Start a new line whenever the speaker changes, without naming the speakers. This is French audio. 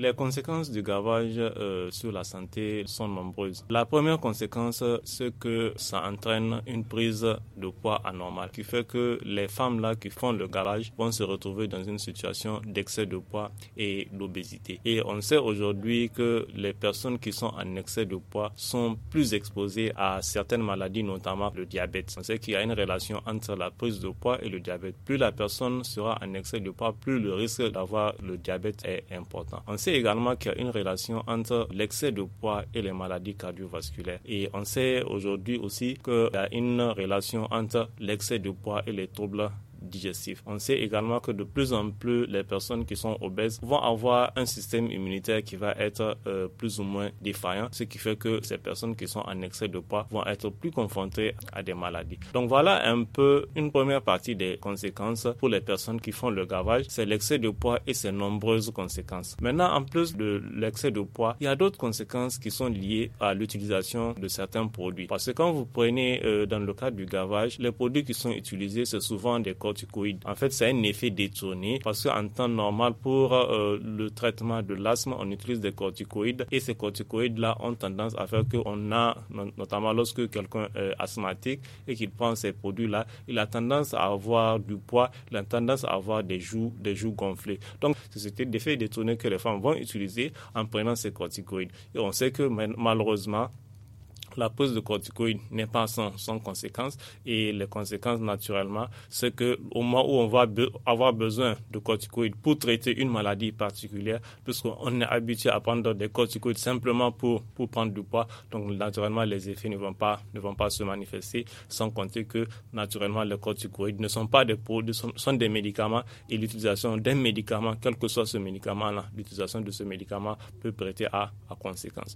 Les conséquences du gavage euh, sur la santé sont nombreuses. La première conséquence, c'est que ça entraîne une prise de poids anormale, qui fait que les femmes là qui font le gavage vont se retrouver dans une situation d'excès de poids et d'obésité. Et on sait aujourd'hui que les personnes qui sont en excès de poids sont plus exposées à certaines maladies, notamment le diabète. On sait qu'il y a une relation entre la prise de poids et le diabète. Plus la personne sera en excès de poids, plus le risque d'avoir le diabète est important également qu'il y a une relation entre l'excès de poids et les maladies cardiovasculaires. Et on sait aujourd'hui aussi qu'il y a une relation entre l'excès de poids et les troubles digestif. On sait également que de plus en plus les personnes qui sont obèses vont avoir un système immunitaire qui va être euh, plus ou moins défaillant, ce qui fait que ces personnes qui sont en excès de poids vont être plus confrontées à des maladies. Donc voilà un peu une première partie des conséquences pour les personnes qui font le gavage, c'est l'excès de poids et ses nombreuses conséquences. Maintenant, en plus de l'excès de poids, il y a d'autres conséquences qui sont liées à l'utilisation de certains produits. Parce que quand vous prenez euh, dans le cadre du gavage, les produits qui sont utilisés, c'est souvent des en fait, c'est un effet détourné parce qu'en temps normal, pour euh, le traitement de l'asthme, on utilise des corticoïdes et ces corticoïdes-là ont tendance à faire qu'on a, notamment lorsque quelqu'un est asthmatique et qu'il prend ces produits-là, il a tendance à avoir du poids, il a tendance à avoir des joues, des joues gonflées. Donc, c'est effet détourné que les femmes vont utiliser en prenant ces corticoïdes. Et on sait que malheureusement, la pose de corticoïdes n'est pas sans, sans conséquences et les conséquences naturellement, c'est que au moment où on va avoir besoin de corticoïdes pour traiter une maladie particulière, puisqu'on est habitué à prendre des corticoïdes simplement pour, pour prendre du poids, donc naturellement les effets ne vont pas, ne vont pas se manifester, sans compter que naturellement les corticoïdes ne sont pas des produits, sont, sont des médicaments et l'utilisation d'un médicament, quel que soit ce médicament-là, l'utilisation de ce médicament peut prêter à, à conséquence.